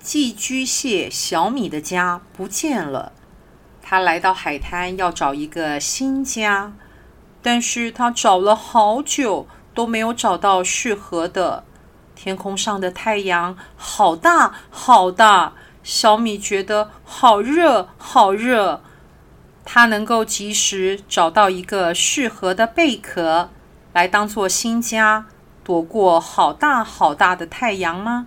寄居蟹小米的家不見了，他來到海灘要找一個新家，但是他找了好久都沒有找到適合的。天空上的太陽好大好大，小米覺得好熱好熱。他能夠及時找到一個適合的貝殼來當做新家，躲過好大好大的太陽嗎？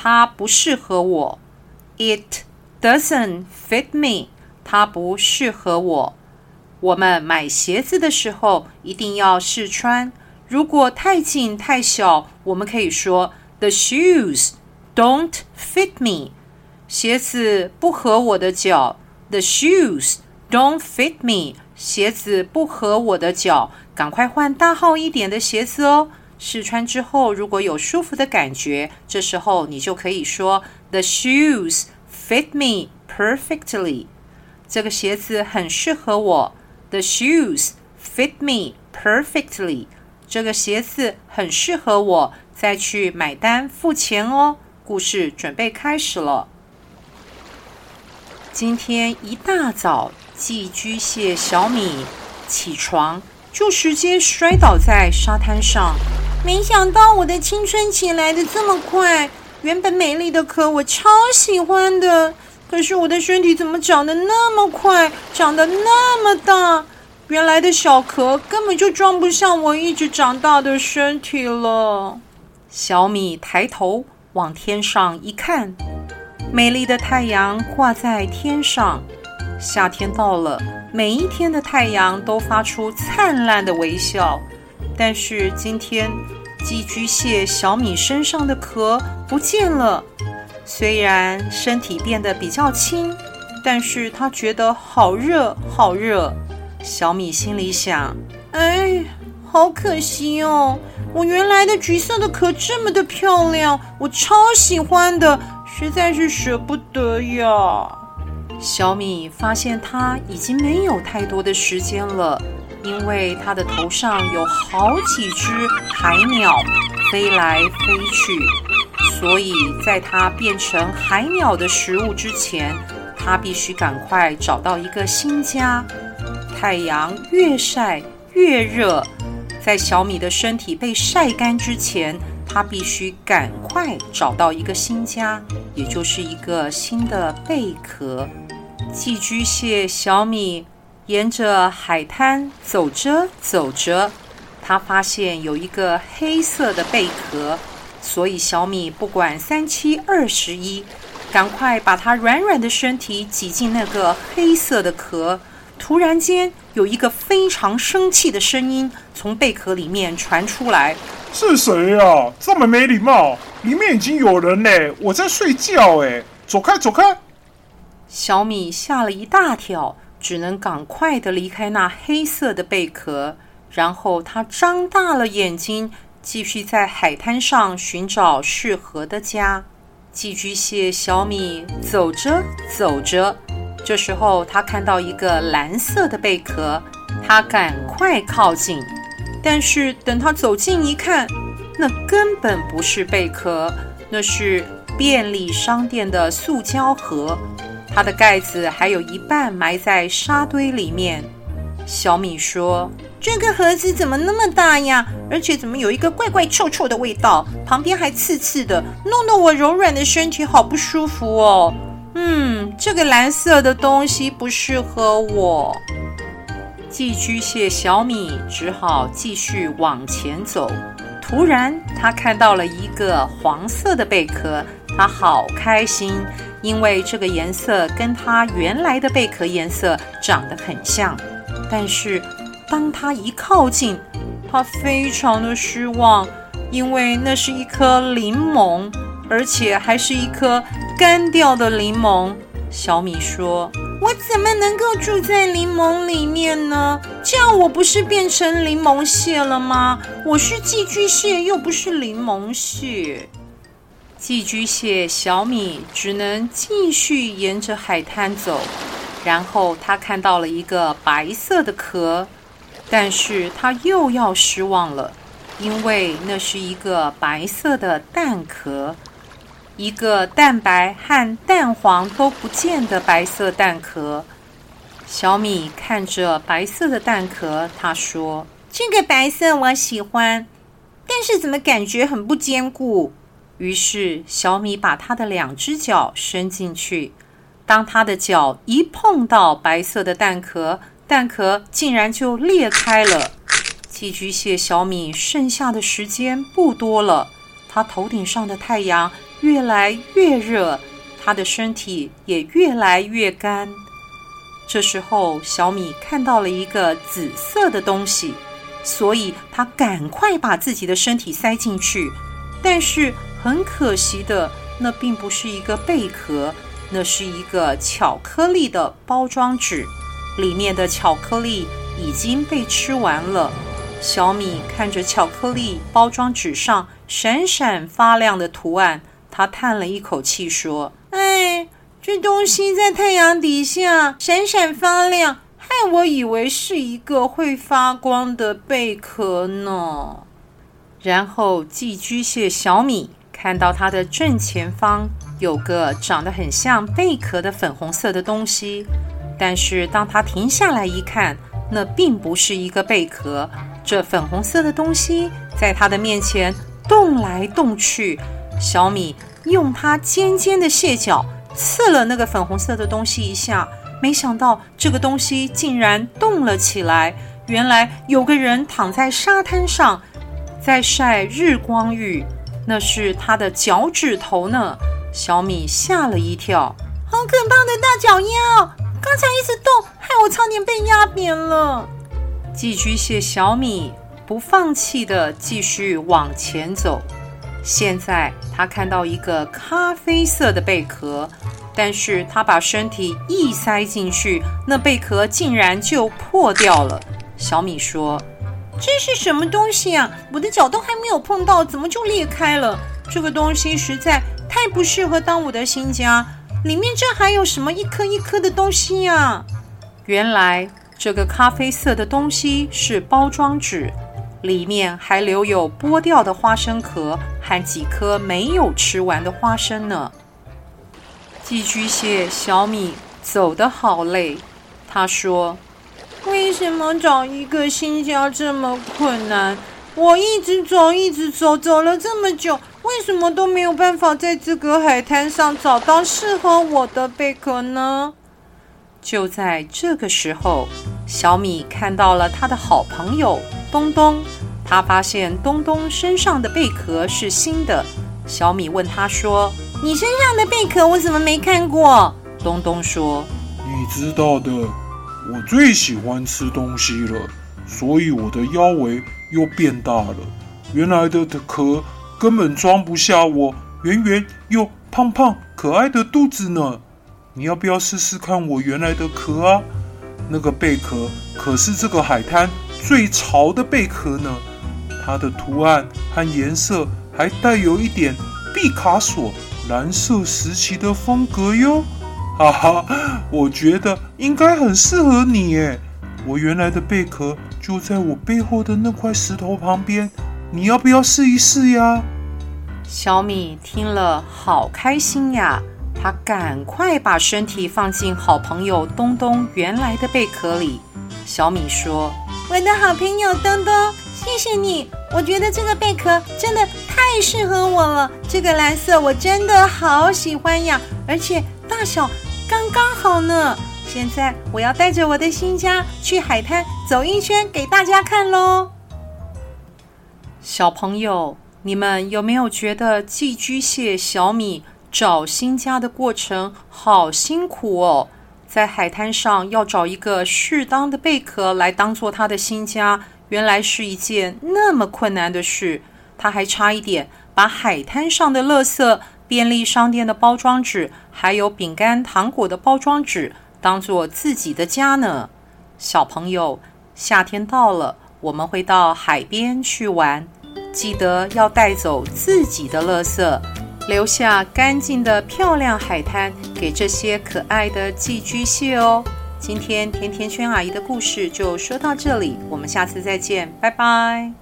它不適合我，It doesn't fit me。它不適合我。我們買鞋子的時候一定要試穿。如果太緊太小，我們可以說，The shoes don't fit me。鞋子不合我的腳。The shoes don't fit me。鞋子不合我的腳。趕快換大號一點的鞋子哦。試穿之後，如果有舒服的感覺，這時候你就可以說：“The shoes fit me perfectly。”這個鞋子很適合我。The shoes fit me perfectly。這個鞋子很適合我。再去買單付錢哦。故事準備開始了。今天一大早，寄居蟹小米起床就直接摔倒在沙灘上。沒想到我的青春期來的這麼快，原本美麗的殼我超喜歡的，可是我的身體怎麼長得那麼快，長得那麼大，原來的小殼根本就裝不下我一直長大的身體了。小米抬頭往天上一看，美麗的太陽掛在天上，夏天到了，每一天的太陽都發出燦爛的微笑。但是今天，寄居蟹小米身上的殼不見了。雖然身體變得比較輕，但是它覺得好熱，好熱。小米心裡想：“哎，好可惜哦，我原來的橘色的殼這麼的漂亮，我超喜歡的，實在是捨不得呀。”小米發現它已經沒有太多的時間了。因為它的頭上有好幾隻海鳥飛來飛去，所以在它變成海鳥的食物之前，它必須趕快找到一個新家。太陽越曬越熱，在小米的身體被曬乾之前，它必須趕快找到一個新家，也就是一個新的貝殼。寄居蟹小米。沿着海灘走着走着，他發現有一個黑色的貝殼，所以小米不管三七二十一，趕快把它軟軟的身體擠進那個黑色的殼。突然間，有一個非常生氣的聲音從貝殼裡面傳出來：“是誰呀？這麼沒禮貌！裡面已經有人嘞，我在睡覺哎，走開走開！”小米嚇了一大跳。只能趕快地離開那黑色的貝殼，然後他張大了眼睛，繼續在海灘上尋找適合的家。寄居蟹小米走着走着，這時候他看到一個藍色的貝殼，他趕快靠近，但是等他走近一看，那根本不是貝殼，那是便利商店的塑膠盒。它的蓋子還有一半埋在沙堆裡面。小米說：「這個盒子怎麼那麼大呀？而且怎麼有一個怪怪臭臭的味道？旁邊還刺刺的，弄得我柔軟的身體好不舒服哦。」嗯，這個藍色的東西不適合我。寄居蟹小米只好繼續往前走。突然，他看到了一個黃色的貝殼，他好開心。因為這個顏色跟它原來的貝殼顏色長得很像，但是當它一靠近，它非常的失望，因為那是一顆檸檬，而且還是一顆乾掉的檸檬。小米說：“我怎麼能夠住在檸檬裡面呢？這樣我不是變成檸檬蟹了嗎？我是寄居蟹，又不是檸檬蟹。”寄居蟹小米只能繼續沿着海灘走，然後他看到了一個白色的殼，但是他又要失望了，因為那是一個白色的蛋殼，一個蛋白和蛋黃都不見的白色蛋殼。小米看着白色的蛋殼，他說：“這個白色我喜歡，但是怎麼感覺很不堅固？”於是小米把他的兩隻腳伸進去，當他的腳一碰到白色的蛋殼，蛋殼竟然就裂開了。寄居蟹小米剩下的時間不多了，他頭頂上的太陽越來越熱，他的身體也越來越乾。這時候小米看到了一個紫色的東西，所以他趕快把自己的身體塞進去，但是。很可惜的，那並不是一個貝殼，那是一個巧克力的包裝紙，裡面的巧克力已經被吃完了。小米看着巧克力包裝紙上閃閃發亮的圖案，他嘆了一口氣說：“哎，這東西在太陽底下閃閃發亮，害我以為是一個會發光的貝殼呢。”然後，寄居蟹小米。看到它的正前方有個長得很像貝殼的粉紅色的東西，但是當它停下來一看，那並不是一個貝殼。這粉紅色的東西在它的面前動來動去。小米用它尖尖的蟹腳刺了那個粉紅色的東西一下，沒想到這個東西竟然動了起來。原來有個人躺在沙灘上，在曬日光浴。那是他的腳趾頭呢，小米嚇了一跳，好可怕的大腳丫哦！剛才一直動，害我差點被壓扁了。寄居蟹小米不放棄的繼續往前走，現在他看到一個咖啡色的貝殼，但是他把身體一塞進去，那貝殼竟然就破掉了。小米說。這是什麼東西啊？我的腳都還沒有碰到，怎麼就裂開了？這個東西實在太不適合當我的新家。裡面這還有什麼一顆一顆的東西呀、啊？原來這個咖啡色的東西是包裝紙，裡面還留有剝掉的花生殼和幾顆沒有吃完的花生呢。寄居蟹小米走得好累，她說。為什麼找一個新家這麼困難？我一直找，一直走，走了這麼久，為什麼都沒有辦法在這個海灘上找到適合我的貝殼呢？就在這個時候，小米看到了他的好朋友東東。他發現東東身上的貝殼是新的。小米問他說：“你身上的貝殼我怎麼沒看過？”東東說：“你知道的。”我最喜歡吃東西了，所以我的腰圍又變大了。原來的的殼根本裝不下我圓圓又胖胖可愛的肚子呢。你要不要試試看我原來的殼啊？那個貝殼可是這個海灘最潮的貝殼呢。它的圖案和顏色還帶有一點畢卡索藍色時期的風格喲。啊哈，我覺得應該很適合你誒。我原來的貝殼就在我背後的那塊石頭旁邊，你要不要試一試呀？小米聽了好開心呀，他趕快把身體放進好朋友東東原來的貝殼裡。小米說：“我的好朋友東東，謝謝你！我覺得這個貝殼真的太適合我了，這個藍色我真的好喜歡呀，而且大小。”剛好呢，現在我要帶着我的新家去海灘走一圈給大家看嘍。小朋友，你們有沒有覺得寄居蟹小米找新家的過程好辛苦哦？在海灘上要找一個適當的貝殼來當做它的新家，原來是一件那麼困難的事。它還差一點把海灘上的垃圾。便利商店的包裝紙，還有餅乾、糖果的包裝紙，當做自己的家呢。小朋友，夏天到了，我們會到海邊去玩，記得要帶走自己的垃圾，留下乾淨的漂亮海灘給這些可愛的寄居蟹哦。今天甜甜圈阿姨的故事就說到這裡，我們下次再見，拜拜。